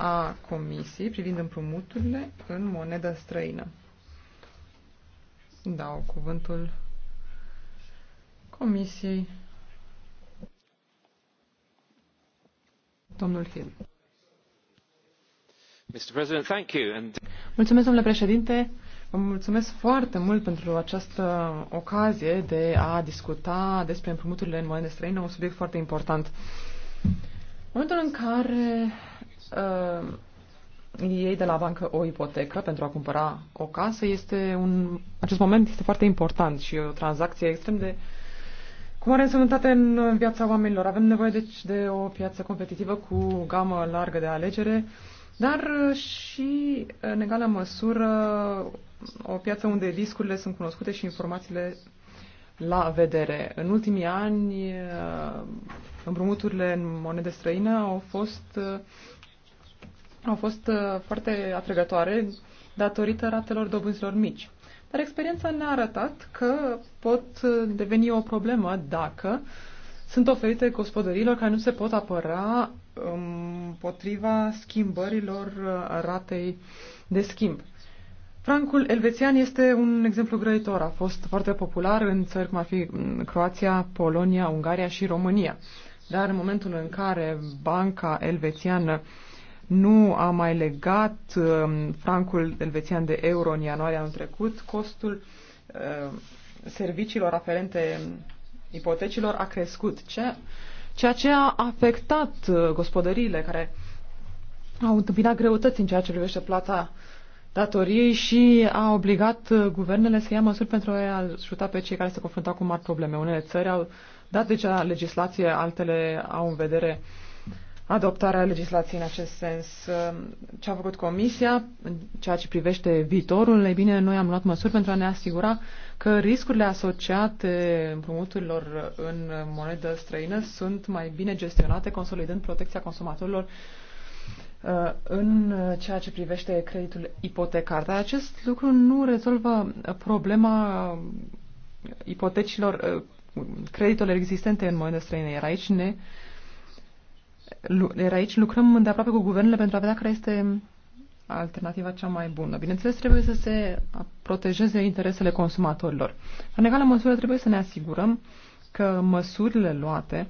a Comisiei privind împrumuturile în monedă străină. Dau cuvântul Comisiei. Domnul Hill. Mr. President, thank you. And... Mulțumesc, domnule președinte. Vă mulțumesc foarte mult pentru această ocazie de a discuta despre împrumuturile în monede străină, un subiect foarte important. În momentul în care uh, ehm, iei de la bancă o ipotecă pentru a cumpăra o casă, este un, acest moment este foarte important și o tranzacție extrem de cum are însemnătate în viața oamenilor. Avem nevoie deci de o piață competitivă cu gamă largă de alegere, dar și în egală măsură o piață unde riscurile sunt cunoscute și informațiile la vedere. În ultimii ani, ehm, împrumuturile în monede străină au fost au fost uh, foarte atrăgătoare datorită ratelor dobânzilor mici. Dar experiența ne-a arătat că pot uh, deveni o problemă dacă sunt oferite gospodăriilor care nu se pot apăra împotriva um, schimbărilor uh, ratei de schimb. Francul elvețian este un exemplu grăitor. A fost foarte popular în țări cum ar fi mm, Croația, Polonia, Ungaria și România. Dar în momentul în care banca elvețiană nu a mai legat um, francul elvețian de euro în ianuarie anul trecut, costul um, serviciilor aferente ipotecilor a crescut, ceea ce a afectat uh, gospodăriile care au întâmpinat greutăți în ceea ce privește plata datoriei și a obligat uh, guvernele să ia măsuri pentru a ajuta pe cei care se confruntau cu mari probleme. Unele țări au dat deja legislație, altele au în vedere uh, adoptarea legislației în acest sens. Ce a făcut Comisia în ceea ce privește viitorul? Ei bine, noi am luat măsuri pentru a ne asigura că riscurile asociate împrumuturilor în monedă străină sunt mai bine gestionate, consolidând protecția consumatorilor uh, în ceea ce privește creditul ipotecar. Dar acest lucru nu rezolvă problema ipotecilor, uh, creditelor existente în monedă străină. Iar aici ne uh, iar aici lucrăm de aproape cu guvernele pentru a vedea care este alternativa cea mai bună. Bineînțeles, trebuie să se protejeze interesele consumatorilor. În egală măsură trebuie să ne asigurăm că măsurile luate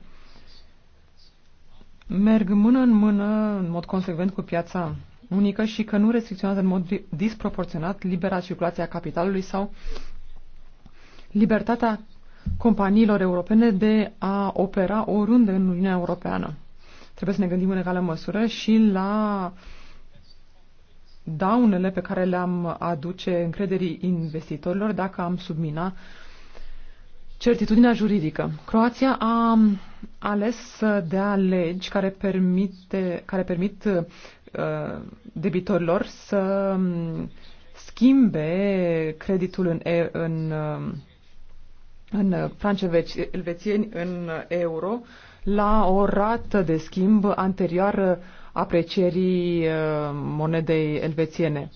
merg mână în mână, în mod consecvent, cu piața unică și că nu restricționează în mod disproporționat libera circulație a capitalului sau libertatea companiilor europene de a opera oriunde în Uniunea Europeană. Trebuie să ne gândim în egală măsură și la daunele pe care le-am aduce încrederii investitorilor dacă am submina certitudinea juridică. Croația a ales să dea legi care, permite, care permit uh, debitorilor să um, schimbe creditul în, în, um, în franci elvețieni în euro la o rată de schimb anterioară aprecierii uh, monedei elvețiene.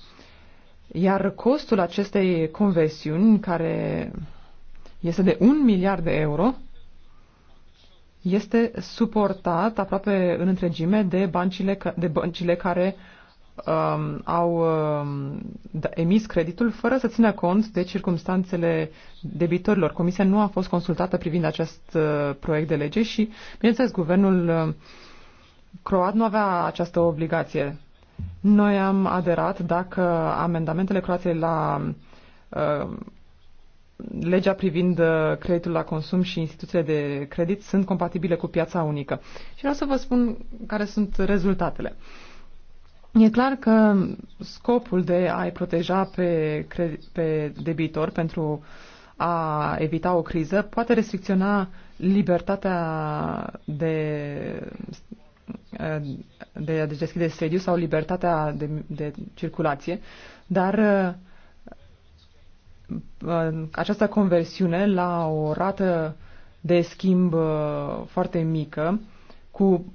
Iar costul acestei conversiuni, care este de un miliard de euro, este suportat aproape în întregime de băncile, de băncile care um, au um, da, emis creditul fără să țină cont de circumstanțele debitorilor. Comisia nu a fost consultată privind acest uh, proiect de lege și, bineînțeles, guvernul uh, croat nu avea această obligație. Noi am aderat dacă amendamentele croației la uh, legea privind uh, creditul la consum și instituțiile de credit sunt compatibile cu piața unică. Și vreau să vă spun care sunt rezultatele. Uh, E clar că scopul de a-i proteja pe, pe debitor pentru a evita o criză poate restricționa libertatea de, de a deschide sediu sau libertatea de, de circulație, dar această conversiune la o rată de schimb foarte mică cu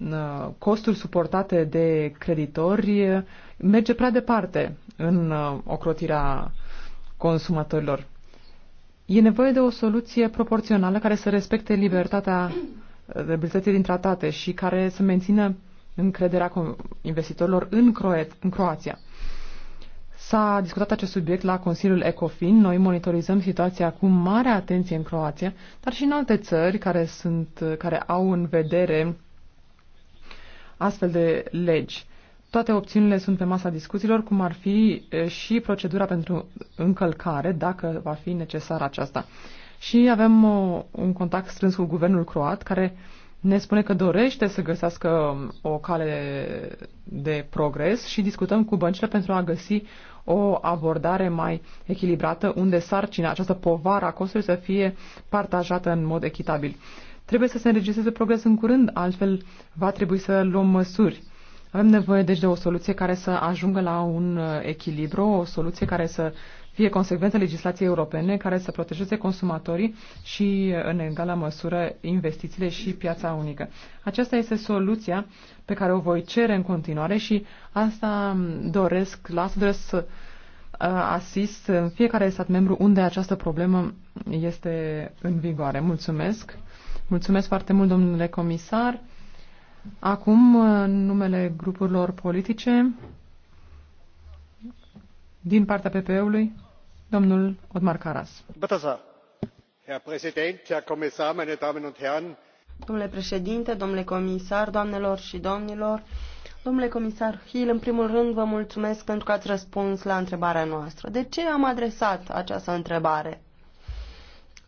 Uh, costuri suportate de creditori merge prea departe în uh, ocrotirea consumatorilor. E nevoie de o soluție proporțională care să respecte libertatea uh, libertății din tratate și care să mențină încrederea investitorilor în, Croet, în Croația. S-a discutat acest subiect la Consiliul ECOFIN. Noi monitorizăm situația cu mare atenție în Croația, dar și în alte țări care, sunt, care au în vedere astfel de legi. Toate opțiunile sunt pe masa discuțiilor, cum ar fi și procedura pentru încălcare, dacă va fi necesară aceasta. Și avem o, un contact strâns cu guvernul croat, care ne spune că dorește să găsească o cale de progres și discutăm cu băncile pentru a găsi o abordare mai echilibrată, unde sarcina, această povară a costului să fie partajată în mod echitabil. Trebuie să se înregistreze progres în curând, altfel va trebui să luăm măsuri. Avem nevoie deci de o soluție care să ajungă la un uh, echilibru, o soluție care să fie consecventă legislației europene, care să protejeze consumatorii și, uh, în egală măsură, investițiile și piața unică. Aceasta este soluția pe care o voi cere în continuare și asta um, doresc, la asta doresc să uh, asist în fiecare stat membru unde această problemă este în vigoare. Mulțumesc! Mulțumesc foarte mult, domnule comisar. Acum, în numele grupurilor politice, din partea PPE-ului, domnul Odmar Caras. Domnule președinte, domnule comisar, doamnelor și domnilor, Domnule comisar Hill, în primul rând vă mulțumesc pentru că ați răspuns la întrebarea noastră. De ce am adresat această întrebare?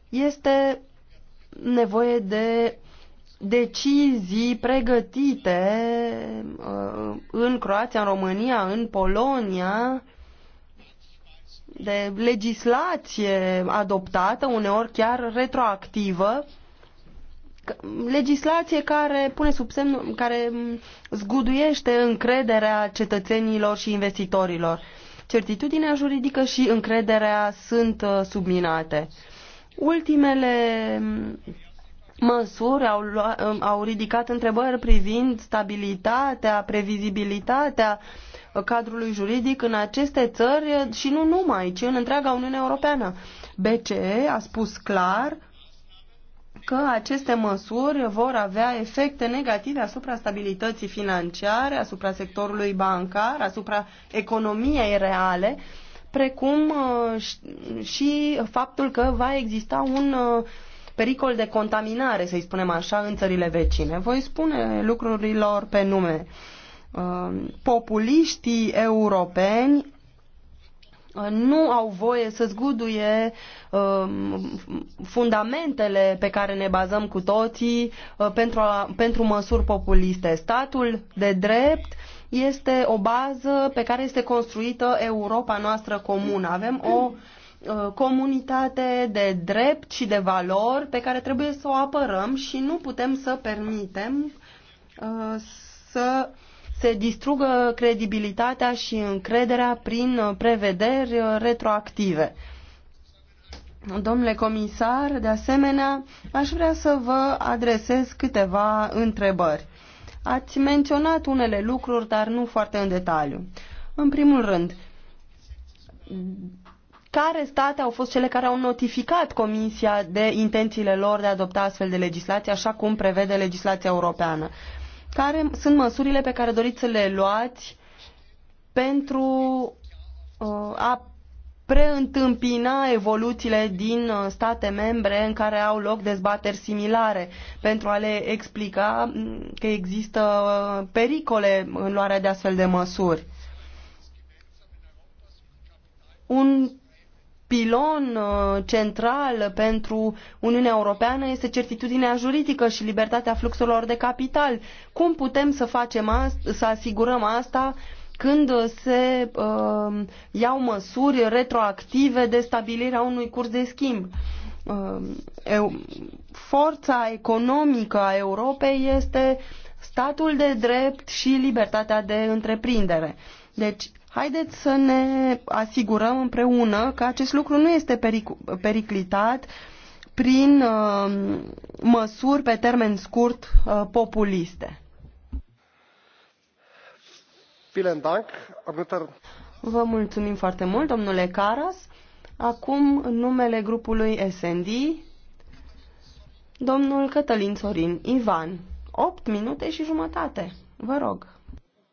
Este nevoie de decizii pregătite uh, în Croația, în România, în Polonia, de legislație adoptată, uneori chiar retroactivă, legislație care pune sub semn, care zguduiește încrederea cetățenilor și investitorilor. Certitudinea juridică și încrederea sunt uh, subminate. Ultimele măsuri au, lua, au ridicat întrebări privind stabilitatea, previzibilitatea cadrului juridic în aceste țări și nu numai, ci în întreaga Uniune Europeană. BCE a spus clar că aceste măsuri vor avea efecte negative asupra stabilității financiare, asupra sectorului bancar, asupra economiei reale precum uh, și faptul că va exista un uh, pericol de contaminare, să-i spunem așa, în țările vecine. Voi spune lucrurilor pe nume. Uh, populiștii europeni Uh, nu au voie să zguduie um, fundamentele pe care ne bazăm cu toții uh, pentru, a, pentru măsuri populiste. Statul de drept este o bază pe care este construită Europa noastră comună. Avem o uh, comunitate de drept și de valori pe care trebuie să o apărăm și nu putem să permitem să se distrugă credibilitatea și încrederea prin uh, prevederi uh, retroactive. Domnule comisar, de asemenea, aș vrea să vă adresez câteva întrebări. Ați menționat unele lucruri, dar nu foarte în detaliu. În primul rând, care state au fost cele care au notificat Comisia de intențiile lor de a adopta astfel de legislație, așa cum prevede legislația europeană? Care sunt măsurile pe care doriți să le luați pentru uh, a preîntâmpina evoluțiile din uh, state membre în care au loc dezbateri similare pentru a le explica mm, că există uh, pericole în luarea de astfel de măsuri. Un pilon uh, central pentru Uniunea Europeană este certitudinea juridică și libertatea fluxurilor de capital. Cum putem să facem asta, să asigurăm asta când se uh, iau măsuri retroactive de stabilirea unui curs de schimb? Uh, forța economică a Europei este statul de drept și libertatea de întreprindere. Deci, Haideți să ne asigurăm împreună că acest lucru nu este peric- periclitat prin uh, măsuri pe termen scurt uh, populiste. Vă mulțumim foarte mult, domnule Caras. Acum, în numele grupului SND, domnul Cătălin Sorin Ivan. 8 minute și jumătate. Vă rog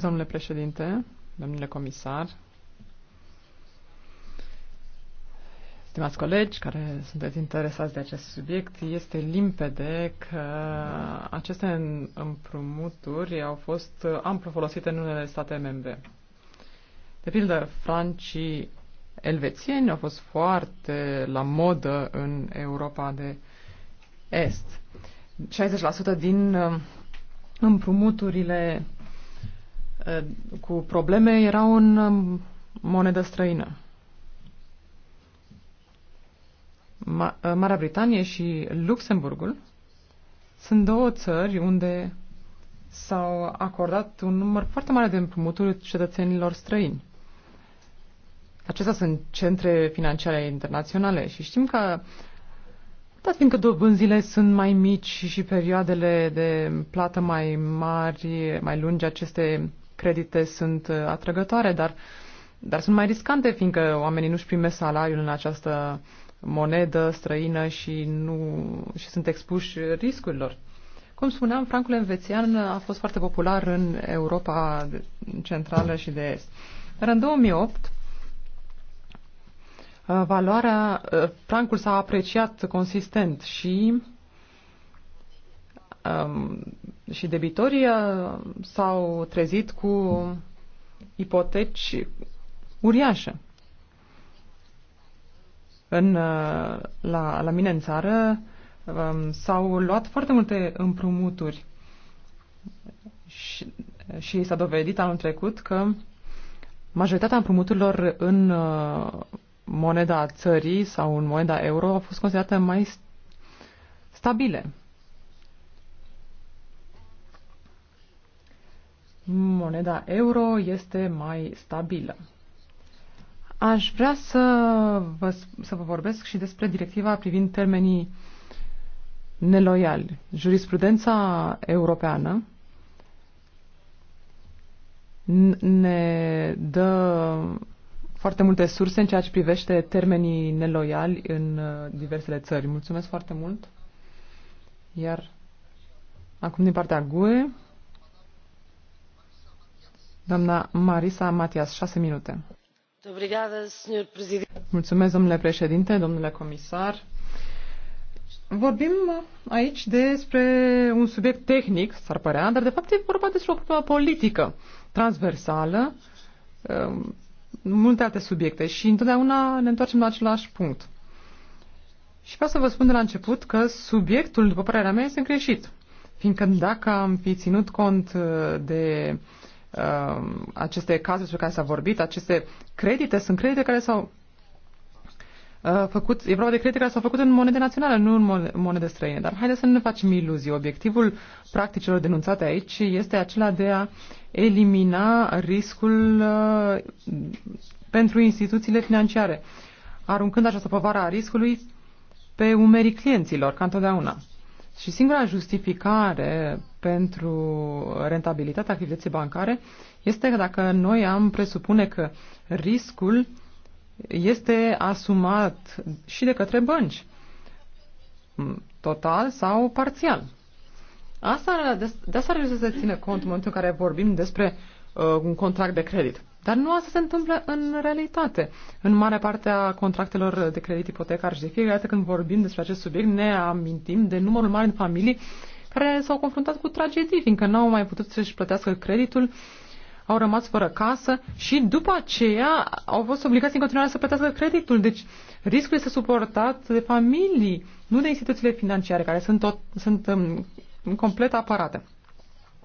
domnule președinte, domnule comisar, Stimați colegi care sunteți interesați de acest subiect, este limpede că aceste împrumuturi au fost amplu folosite în unele state membre. De pildă, francii elvețieni au fost foarte la modă în Europa de Est. 60% din împrumuturile cu probleme erau în monedă străină. Marea Britanie și Luxemburgul sunt două țări unde s-au acordat un număr foarte mare de împrumuturi cetățenilor străini. Acestea sunt centre financiare internaționale și știm că dar fiindcă dobânzile sunt mai mici și perioadele de plată mai mari, mai lungi, aceste credite sunt uh, atrăgătoare, dar, dar sunt mai riscante, fiindcă oamenii nu-și primesc salariul în această monedă străină și, nu, și sunt expuși riscurilor. Cum spuneam, francul învețian a fost foarte popular în Europa centrală și de est. Dar în 2008, Uh, valoarea, francul uh, s-a apreciat consistent și um, și debitorii uh, s-au trezit cu ipoteci uriașe. În, la, la mine în țară um, s-au luat foarte multe împrumuturi și, și s-a dovedit anul trecut că majoritatea împrumuturilor în moneda țării sau în moneda euro au fost considerate mai stabile. Moneda euro este mai stabilă. Aș vrea să vă, să vă vorbesc și despre directiva privind termenii neloiali. Jurisprudența europeană ne dă foarte multe surse în ceea ce privește termenii neloiali în uh, diversele țări. Mulțumesc foarte mult. Iar acum din partea GUE, doamna Marisa Matias, șase minute. Mulțumesc, domnule președinte, domnule comisar. Vorbim aici despre un subiect tehnic, s-ar părea, dar de fapt e vorba despre o problemă politică transversală um, multe alte subiecte și întotdeauna ne întoarcem la același punct. Și vreau să vă spun de la început că subiectul, după părerea mea, este greșit. Fiindcă dacă am fi ținut cont uh, de uh, aceste cazuri despre care s-a vorbit, aceste credite sunt credite care s-au Uh, făcut, e vorba de credite care s-au făcut în monede naționale, nu în monede străine. Dar haideți să nu ne facem iluzii. Obiectivul practicilor denunțate aici este acela de a elimina riscul uh, pentru instituțiile financiare, aruncând această povară a riscului pe umerii clienților, ca întotdeauna. Și singura justificare pentru rentabilitatea activității bancare este că dacă noi am presupune că riscul uh, este asumat și de către bănci, total sau parțial. Asta, de, asta trebuie să se țină cont în momentul în care vorbim despre uh, un contract de credit. Dar nu asta se întâmplă în realitate. În mare parte a contractelor de credit ipotecar și de fiecare dată când vorbim despre acest subiect ne amintim de numărul mare de familii care s-au confruntat cu tragedii, fiindcă n-au mai putut să-și plătească creditul au rămas fără casă și după aceea au fost obligați în continuare să plătească creditul. Deci riscul este suportat de familii, nu de instituțiile financiare, care sunt, tot, sunt um, complet aparate.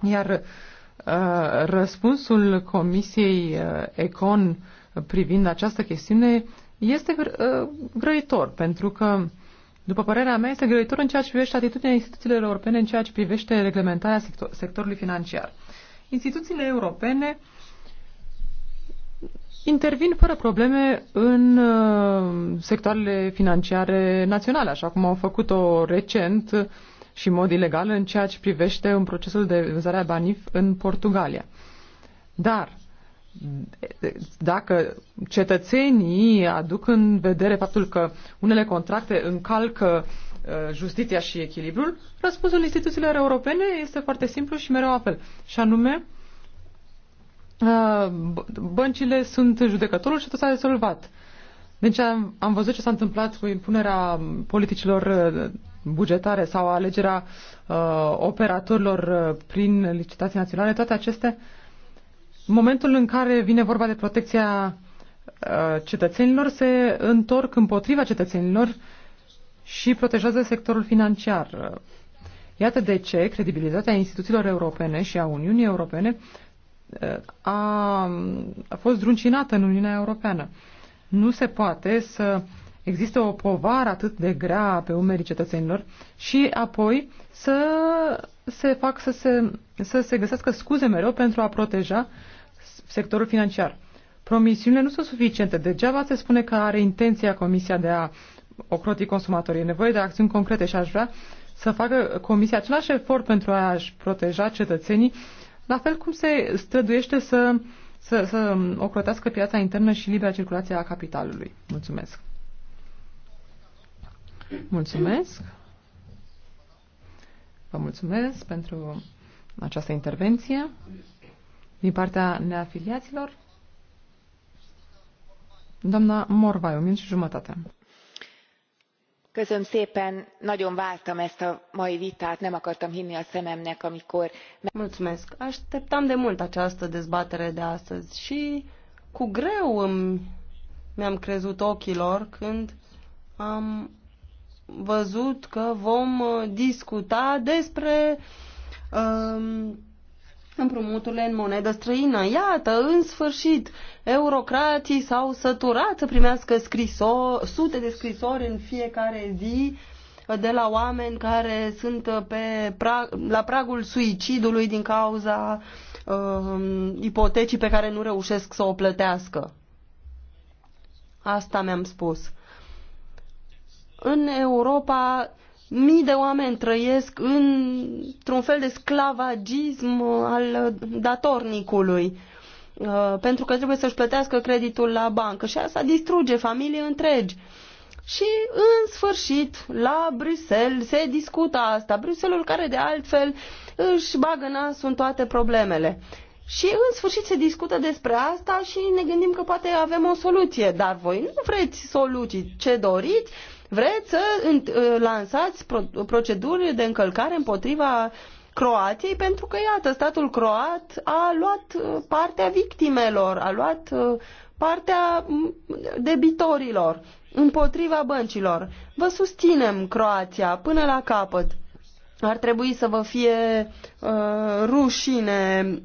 Iar uh, răspunsul Comisiei uh, Econ privind această chestiune este uh, grăitor, pentru că după părerea mea, este grăitor în ceea ce privește atitudinea instituțiilor europene, în ceea ce privește reglementarea sector- sectorului financiar instituțiile europene intervin fără probleme în uh, sectoarele financiare naționale, așa cum au făcut-o recent și în mod ilegal în ceea ce privește un procesul de vânzare a banif în Portugalia. Dar dacă cetățenii aduc în vedere faptul că unele contracte încalcă uh, Uh, justiția și echilibrul, răspunsul instituțiilor europene este foarte simplu și mereu apel. Și anume, uh, băncile sunt judecătorul și tot s-a rezolvat. Deci am, am văzut ce s-a întâmplat cu impunerea politicilor uh, bugetare sau alegerea uh, operatorilor prin licitații naționale, toate acestea. Momentul în care vine vorba de protecția cetățenilor se întorc împotriva cetățenilor și protejează sectorul financiar. Iată de ce credibilitatea instituțiilor europene și a Uniunii Europene eh, a, a fost druncinată în Uniunea Europeană. Nu se poate să există o povară atât de grea pe umerii cetățenilor și apoi să se fac să se, să se găsească scuze mereu pentru a proteja sectorul financiar. Promisiunile nu sunt suficiente. Degeaba se spune că are intenția Comisia de a ocroti consumatorii. E nevoie de acțiuni concrete și aș vrea să facă Comisia același efort pentru a-și proteja cetățenii, la fel cum se străduiește să, să, să ocrotească piața internă și libera circulație a capitalului. Mulțumesc! Mulțumesc! Vă mulțumesc pentru această intervenție. Din partea neafiliaților, doamna Morvai, un minut și jumătate nagyon vártam ezt a mai vitát nem akartam hinni a szememnek amikor. mulțumesc așteptam de mult această dezbatere de astăzi și cu greu îmi, mi-am crezut ochilor când am văzut că vom uh, discuta despre um, împrumuturile în monedă străină. Iată, în sfârșit, eurocrații s-au săturat să primească scriso- sute de scrisori în fiecare zi de la oameni care sunt pe pra- la pragul suicidului din cauza uh, ipotecii pe care nu reușesc să o plătească. Asta mi-am spus. În Europa mii de oameni trăiesc într-un fel de sclavagism uh, al datornicului uh, pentru că trebuie să-și plătească creditul la bancă și asta distruge familii întregi. Și în sfârșit, la Bruxelles se discută asta. Bruxelles care de altfel își bagă nasul în toate problemele. Și în sfârșit se discută despre asta și ne gândim că poate avem o soluție, dar voi nu vreți soluții. Ce doriți Vreți să ă, lansați proceduri de încălcare împotriva Croației pentru că, iată, statul croat a luat ă, partea victimelor, a luat ă, partea debitorilor împotriva băncilor. Vă susținem Croația până la capăt. Ar trebui să vă fie uh, rușine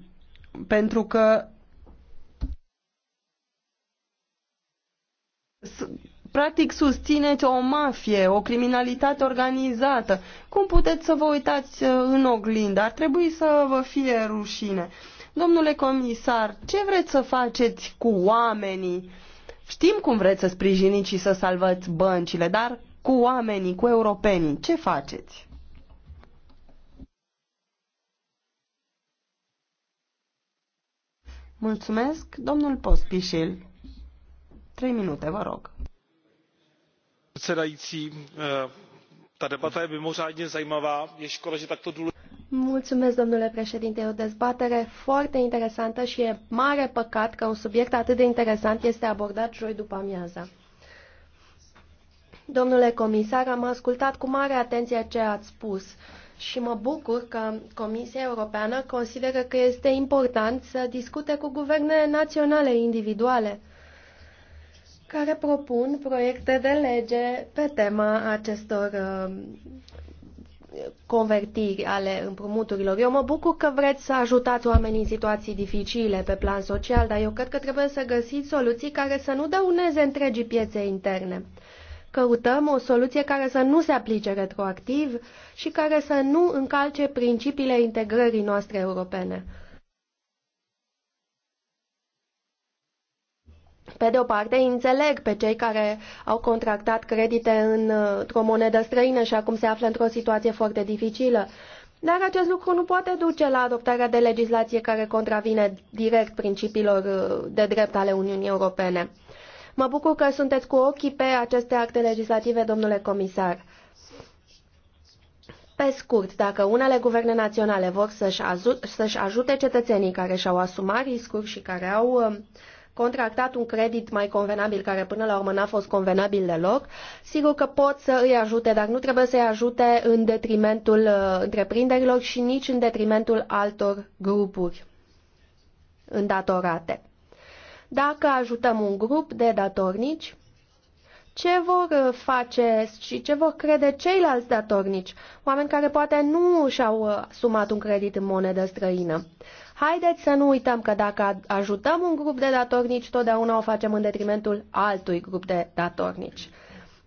pentru că practic susțineți o mafie, o criminalitate organizată. Cum puteți să vă uitați uh, în oglindă? Ar trebui să vă fie rușine. Domnule comisar, ce vreți să faceți cu oamenii? Știm cum vreți să sprijiniți și să salvați băncile, dar cu oamenii, cu europenii, ce faceți? Mulțumesc, domnul Pospișil. Trei minute, vă rog předsedající eh, ta debata je mimořádně zajímavá je škoda že takto důležitý. Mulțumesc, domnule președinte. o dezbatere foarte interesantă și e mare păcat că un subiect atât de interesant este abordat joi după amiaza. Domnule comisar, am ascultat cu mare atenție ce ați spus și mă bucur că Comisia Europeană consideră că este important să discute cu guverne naționale individuale care propun proiecte de lege pe tema acestor um, convertiri ale împrumuturilor. Eu mă bucur că vreți să ajutați oamenii în situații dificile pe plan social, dar eu cred că trebuie să găsiți soluții care să nu dăuneze întregii piețe interne. Căutăm o soluție care să nu se aplice retroactiv și care să nu încalce principiile integrării noastre europene. Pe de o parte, înțeleg pe cei care au contractat credite într-o monedă străină și acum se află într-o situație foarte dificilă. Dar acest lucru nu poate duce la adoptarea de legislație care contravine direct principiilor uh, de drept ale Uniunii Europene. Mă bucur că sunteți cu ochii pe aceste acte legislative, domnule comisar. Pe scurt, dacă unele guverne naționale vor să-și, ajute cetățenii care și-au asumat riscuri și care au um, contractat un credit mai convenabil, care până la urmă n-a fost convenabil deloc, sigur că pot să îi ajute, dar nu trebuie să îi ajute în detrimentul uh, întreprinderilor și nici în detrimentul altor grupuri îndatorate. Dacă ajutăm un grup de datornici, ce vor uh, face și ce vor crede ceilalți datornici, oameni care poate nu și-au uh, sumat un credit în monedă străină. Haideți să nu uităm că dacă ajutăm un grup de datornici, totdeauna o facem în detrimentul altui grup de datornici.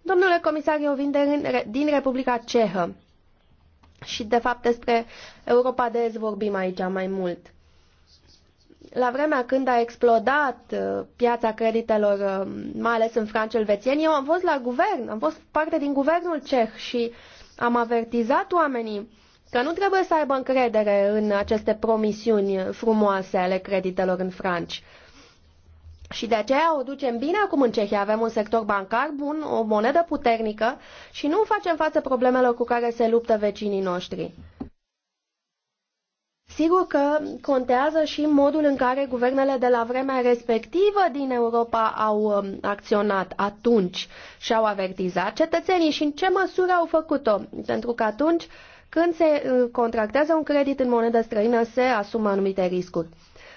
Domnule comisar, eu vin de, din Republica Cehă și, de fapt, despre Europa de Est vorbim aici mai mult. La vremea când a explodat uh, piața creditelor, uh, mai ales în franc-elvețieni, eu am fost la guvern, am fost parte din guvernul ceh și am avertizat oamenii că nu trebuie să aibă încredere în aceste promisiuni frumoase ale creditelor în franci. Și de aceea o ducem bine acum în Cehia. Avem un sector bancar bun, o monedă puternică și nu facem față problemelor cu care se luptă vecinii noștri. Sigur că contează și modul în care guvernele de la vremea respectivă din Europa au um, acționat atunci și au avertizat cetățenii și în ce măsură au făcut-o. Pentru că atunci când se uh, contractează un credit în monedă străină, se asumă anumite riscuri.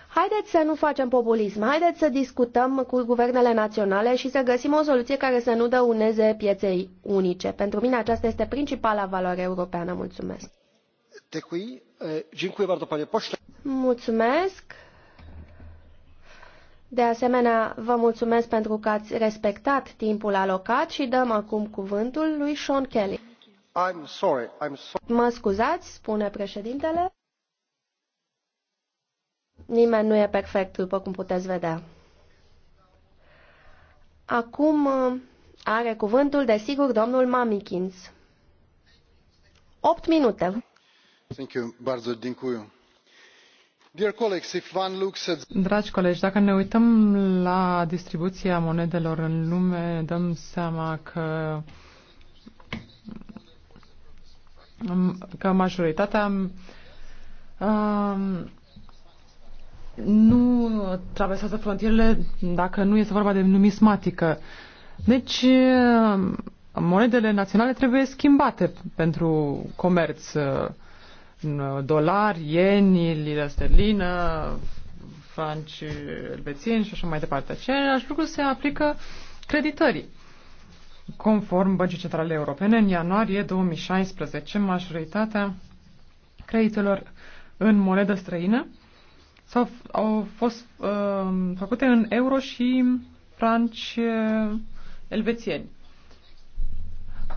Haideți să nu facem populism, haideți să discutăm cu guvernele naționale și să găsim o soluție care să nu dăuneze pieței unice. Pentru mine aceasta este principala valoare europeană. Mulțumesc. Mulțumesc. De asemenea, vă mulțumesc pentru că ați respectat timpul alocat și dăm acum cuvântul lui Sean Kelly mă scuzați, spune președintele. Nimeni nu e perfect, după cum puteți vedea. Acum uh, are cuvântul, desigur, domnul Mamikins. Opt minute. Thank you, bardzo dziękuję. Dragi colegi, dacă ne uităm la distribuția monedelor în lume, dăm seama că că majoritatea um, nu traversează frontierele dacă nu este vorba de numismatică. Deci, monedele naționale trebuie schimbate pentru comerț. Dolari, ieni, lira sterlină, franci elvețieni și așa mai departe. Același lucru se aplică creditării. Conform Băncii Centrale Europene, în ianuarie 2016, majoritatea creditelor în monedă străină s-au, au fost uh, făcute în euro și franci uh, elvețieni.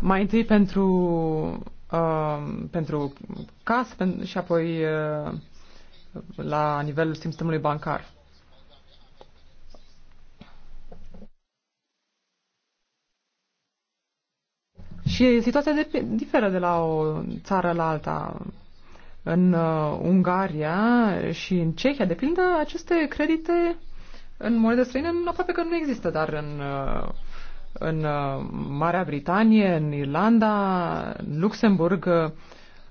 Mai întâi pentru, uh, pentru cas pen- și apoi uh, la nivelul sistemului bancar. Și situația de, diferă de la o țară la alta. În uh, Ungaria și în Cehia, de pildă, aceste credite în monedă străină aproape că nu există, dar în, uh, în uh, Marea Britanie, în Irlanda, în Luxemburg, uh,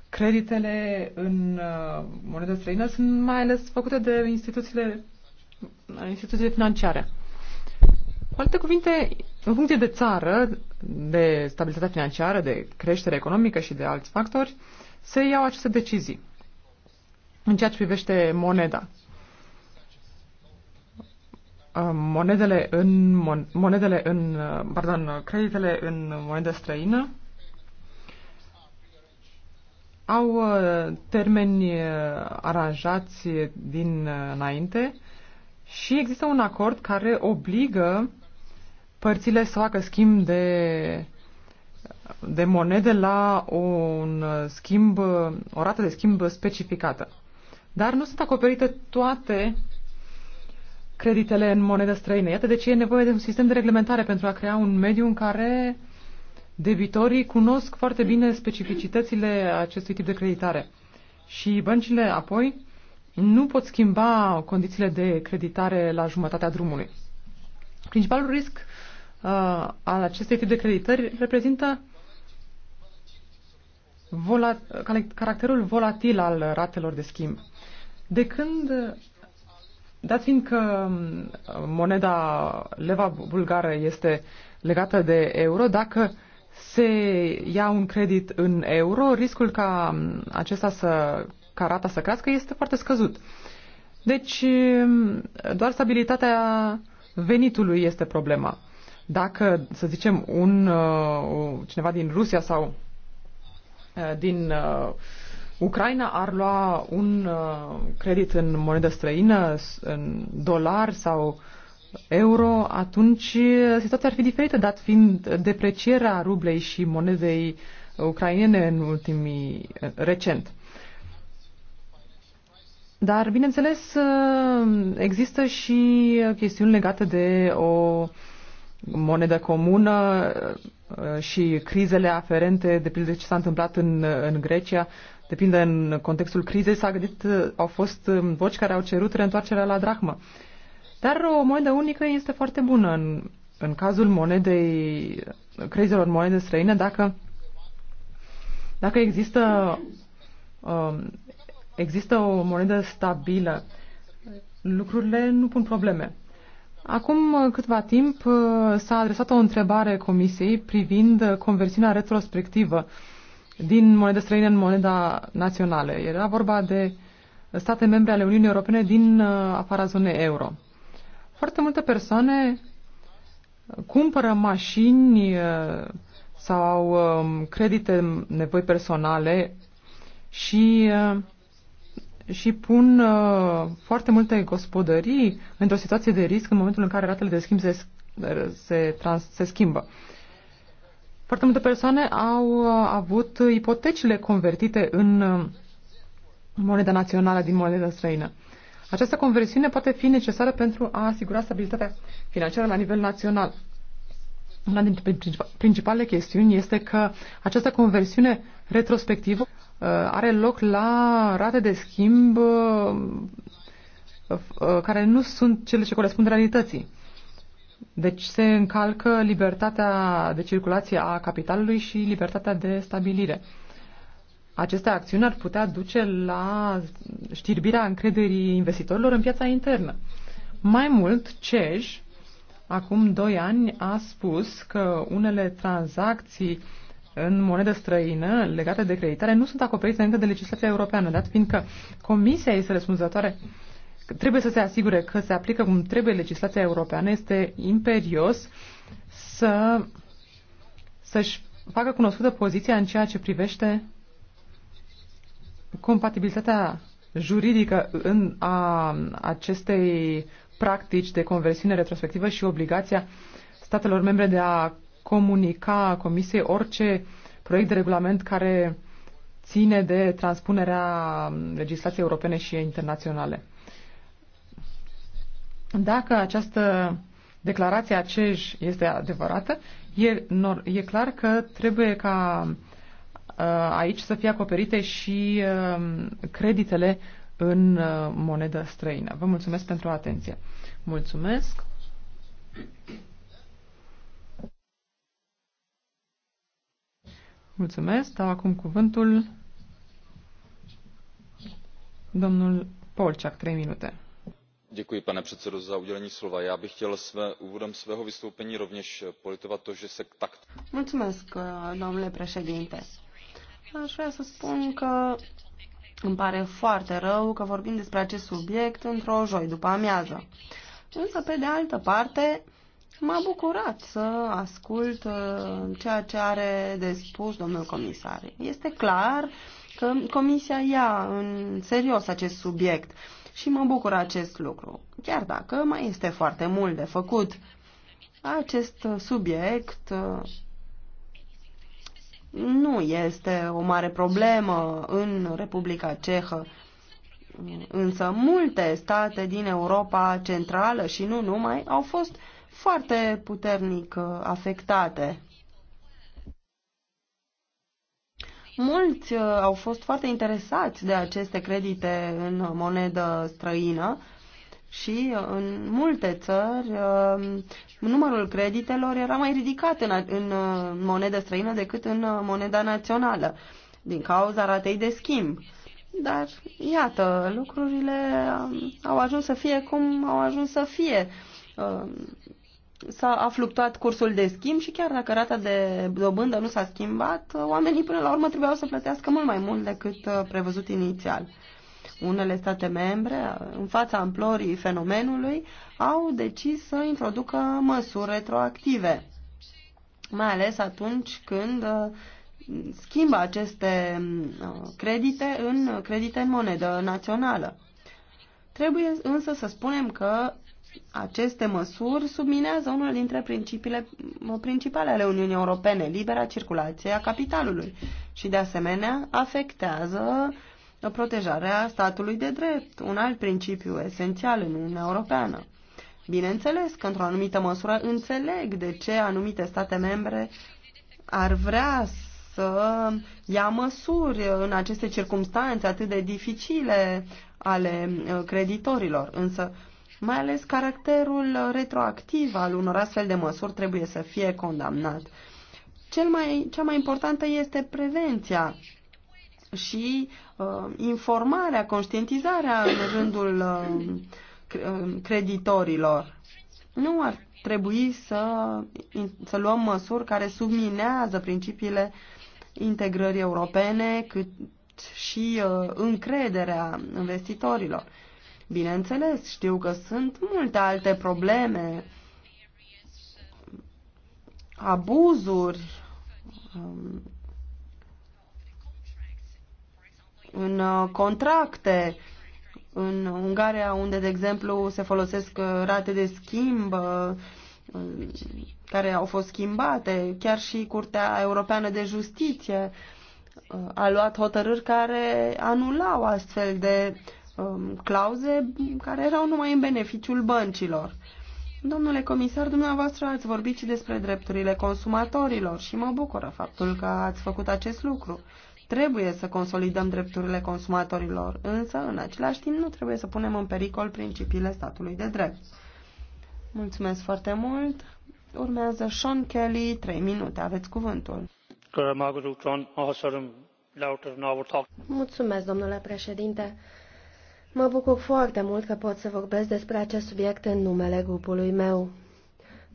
creditele în uh, monede străină sunt mai ales făcute de instituțiile, instituțiile financiare. Cu alte cuvinte, în funcție de țară, de stabilitatea financiară, de creștere economică și de alți factori, se iau aceste decizii în ceea ce privește moneda. Uh, monedele în, monedele în, uh, pardon, creditele în monedă străină au uh, termeni aranjați din înainte și există un acord care obligă părțile să facă schimb de, de monede la un schimb, o rată de schimb specificată. Dar nu sunt acoperite toate creditele în monedă străină. Iată de ce e nevoie de un sistem de reglementare pentru a crea un mediu în care debitorii cunosc foarte bine specificitățile acestui tip de creditare. Și băncile apoi nu pot schimba condițiile de creditare la jumătatea drumului. Principalul risc uh, al acestui tip de creditări reprezintă volat, caracterul volatil al ratelor de schimb. De când, dat fiind că um, moneda leva bulgară este legată de euro, dacă se ia un credit în euro, riscul ca um, acesta să, ca rata să crească este foarte scăzut. Deci, um, doar stabilitatea venitului este problema dacă, să zicem, un, uh, cineva din Rusia sau uh, din uh, Ucraina ar lua un credit în monedă străină, în dolar sau euro, atunci situația ar fi diferită, dat fiind deprecierea rublei și monedei ucrainene în ultimii recent. Dar, bineînțeles, există și chestiuni legate de o uh, monedă comună uh, și crizele aferente, de pildă ce s-a întâmplat în, în Grecia, de pildă în contextul crizei s-a gândit, uh, au fost um, voci care au cerut reîntoarcerea la drachmă. Dar o monedă unică este foarte bună în, în cazul monedei, crizelor monede străine, dacă, dacă există, um, există o monedă stabilă, lucrurile nu pun probleme. Acum uh, câtva timp uh, s-a adresat o întrebare Comisiei privind uh, conversiunea retrospectivă din monede străine în moneda națională. Era vorba de state membre ale Uniunii Europene din afara zonei euro. Foarte multe persoane cumpără mașini sau um, credite um, nevoi personale și și pun uh, foarte multe gospodării într-o situație de risc în momentul în care ratele de schimb se, uh, se, trans, se schimbă. Foarte multe persoane au uh, avut ipotecile convertite în uh, moneda națională din moneda străină. Această conversiune poate fi necesară pentru a asigura stabilitatea financiară la nivel național. Una dintre principalele chestiuni este că această conversiune retrospectivă uh, are loc la rate de schimb uh, uh, care nu sunt cele ce corespund realității. Deci se încalcă libertatea de circulație a capitalului și libertatea de stabilire. Aceste acțiuni ar putea duce la știrbirea încrederii investitorilor în piața internă. Mai mult, CEJ acum doi ani a spus că unele tranzacții în monedă străină legate de creditare nu sunt acoperite încă de legislația europeană, dat fiindcă Comisia este răspunzătoare trebuie să se asigure că se aplică cum trebuie legislația europeană, este imperios să, să-și facă cunoscută poziția în ceea ce privește compatibilitatea juridică în a acestei practici de conversiune retrospectivă și obligația statelor membre de a comunica Comisiei orice proiect de regulament care ține de transpunerea legislației europene și internaționale. Dacă această declarație a este adevărată, e, e clar că trebuie ca uh, aici să fie acoperite și uh, creditele în uh, monedă străină. Vă mulțumesc pentru atenție. Mulțumesc. Mulțumesc. Dau acum cuvântul domnul Polciac, 3 minute. Děkuji, pane předsedo, za udělení slova. Já bych chtěl své, úvodem svého vystoupení rovněž politovat to, že se tak... Mulțumesc, uh, domnule președinte. Aș vrea să spun că îmi pare foarte rău că vorbim despre acest subiect într-o joi după amiază. Însă, pe de altă parte, m-a bucurat să ascult uh, ceea ce are de spus domnul comisar. Este clar că comisia ia în serios acest subiect și mă bucură acest lucru, chiar dacă mai este foarte mult de făcut. Acest subiect uh, nu este o mare problemă în Republica Cehă. Însă multe state din Europa Centrală și nu numai au fost foarte puternic uh, afectate. Mulți uh, au fost foarte interesați de aceste credite în monedă străină și uh, în multe țări uh, numărul creditelor era mai ridicat în, în uh, monedă străină decât în moneda națională, din cauza ratei de schimb. Dar, iată, lucrurile um, au ajuns să fie cum au ajuns să fie. S-a fluctuat cursul de schimb și chiar dacă rata de dobândă nu s-a schimbat, oamenii până la urmă trebuiau să plătească mult mai mult decât prevăzut inițial. Unele state membre, în fața amplorii fenomenului, au decis să introducă măsuri retroactive, mai ales atunci când uh, schimbă aceste uh, credite în uh, credite în monedă națională. Trebuie însă să spunem că aceste măsuri subminează unul dintre principiile principale ale Uniunii Europene, libera circulație a capitalului și, de asemenea, afectează protejarea statului de drept, un alt principiu esențial în Uniunea Europeană. Bineînțeles că, într-o anumită măsură, înțeleg de ce anumite state membre ar vrea să ia măsuri în aceste circunstanțe atât de dificile ale uh, creditorilor. Însă, mai ales caracterul retroactiv al unor astfel de măsuri trebuie să fie condamnat. Cel mai, cea mai importantă este prevenția și uh, informarea, conștientizarea în rândul uh, uh creditorilor. Nu ar trebui să, să luăm măsuri care subminează principiile integrării europene, cât și uh, încrederea investitorilor. Bineînțeles, știu că sunt multe alte probleme, abuzuri, um, în uh, contracte. În Ungaria, unde, de exemplu, se folosesc uh, rate de schimb uh, care au fost schimbate, chiar și Curtea Europeană de Justiție a luat hotărâri care anulau astfel de um, clauze care erau numai în beneficiul băncilor. Domnule comisar, dumneavoastră ați vorbit și despre drepturile consumatorilor și mă bucură faptul că ați făcut acest lucru. Trebuie să consolidăm drepturile consumatorilor, însă, în același timp, nu trebuie să punem în pericol principiile statului de drept. Mulțumesc foarte mult. Urmează Sean Kelly, 3 minute. Aveți cuvântul. Mulțumesc, domnule președinte. Mă bucur foarte mult că pot să vorbesc despre acest subiect în numele grupului meu.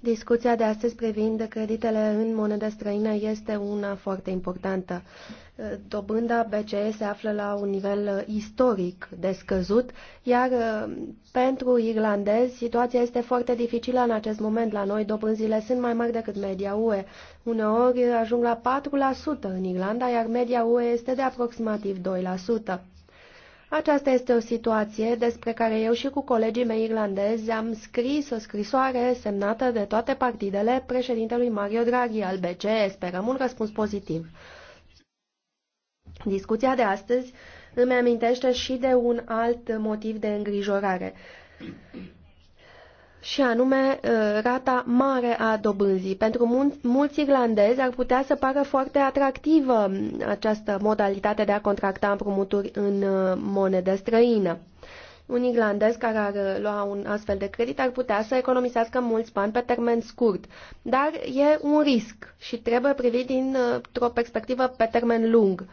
Discuția de astăzi privind creditele în monedă străină este una foarte importantă. Dobânda BCE se află la un nivel istoric de scăzut, iar uh, pentru irlandezi situația este foarte dificilă în acest moment. La noi dobânzile sunt mai mari decât media UE. Uneori ajung la 4% în Irlanda, iar media UE este de aproximativ 2%. Aceasta este o situație despre care eu și cu colegii mei irlandezi am scris o scrisoare semnată de toate partidele președintelui Mario Draghi al BCE. Sperăm un răspuns pozitiv. Discuția de astăzi îmi amintește și de un alt motiv de îngrijorare și anume uh, rata mare a dobânzii. Pentru mulți irlandezi ar putea să pară foarte atractivă um, această modalitate de a contracta împrumuturi în uh, monedă străină. Un irlandez care ar uh, lua un astfel de credit ar putea să economisească mulți bani pe termen scurt, dar e un risc și trebuie privit dintr-o perspectivă pe termen lung.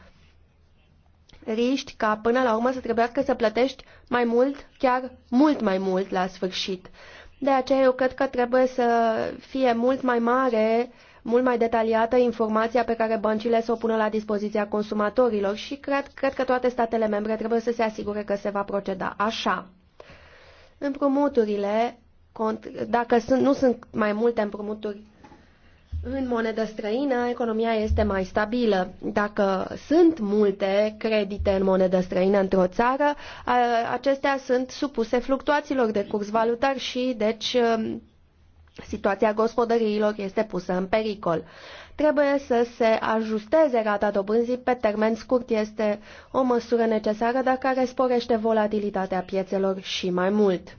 Riști ca până la urmă să trebuiască să plătești mai mult, chiar mult mai mult la sfârșit. De aceea eu cred că trebuie să fie mult mai mare, mult mai detaliată informația pe care băncile să o pună la dispoziția consumatorilor și cred, cred că toate statele membre trebuie să se asigure că se va proceda așa. Împrumuturile, dacă sunt, nu sunt mai multe împrumuturi în monedă străină, economia este mai stabilă. Dacă sunt multe credite în monedă străină într-o țară, acestea sunt supuse fluctuațiilor de curs valutar și, deci, um, situația gospodăriilor este pusă în pericol. Trebuie să se ajusteze rata dobânzii pe termen scurt. Este o măsură necesară, dar care sporește volatilitatea piețelor și mai mult.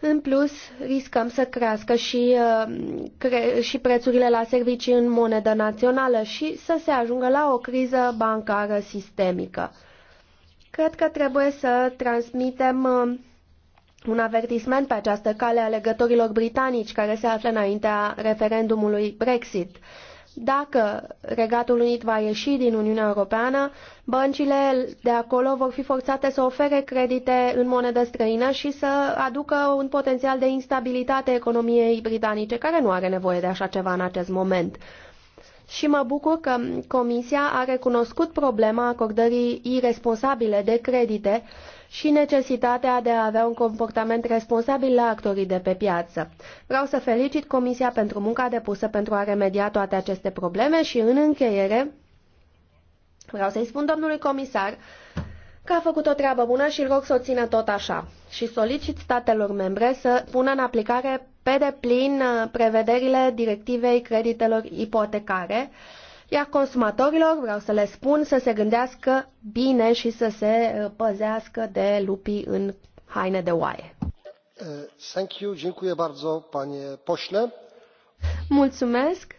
În plus, riscăm să crească și, uh, cre- și prețurile la servicii în monedă națională și să se ajungă la o criză bancară sistemică. Cred că trebuie să transmitem uh, un avertisment pe această cale a legătorilor britanici care se află înaintea referendumului Brexit. Dacă Regatul Unit va ieși din Uniunea Europeană, băncile de acolo vor fi forțate să ofere credite în monedă străină și să aducă un potențial de instabilitate economiei britanice, care nu are nevoie de așa ceva în acest moment. Și mă bucur că Comisia a recunoscut problema acordării irresponsabile de credite și necesitatea de a avea un comportament responsabil la actorii de pe piață. Vreau să felicit Comisia pentru munca depusă pentru a remedia toate aceste probleme și, în încheiere, vreau să-i spun domnului comisar că a făcut o treabă bună și îl rog să o țină tot așa și solicit statelor membre să pună în aplicare pe deplin prevederile directivei creditelor ipotecare, uh, iar consumatorilor vreau să le spun să se gândească bine și să se uh, păzească de lupii în haine de oaie. Uh, thank you, dziękuję bardzo, panie pośle. Mulțumesc.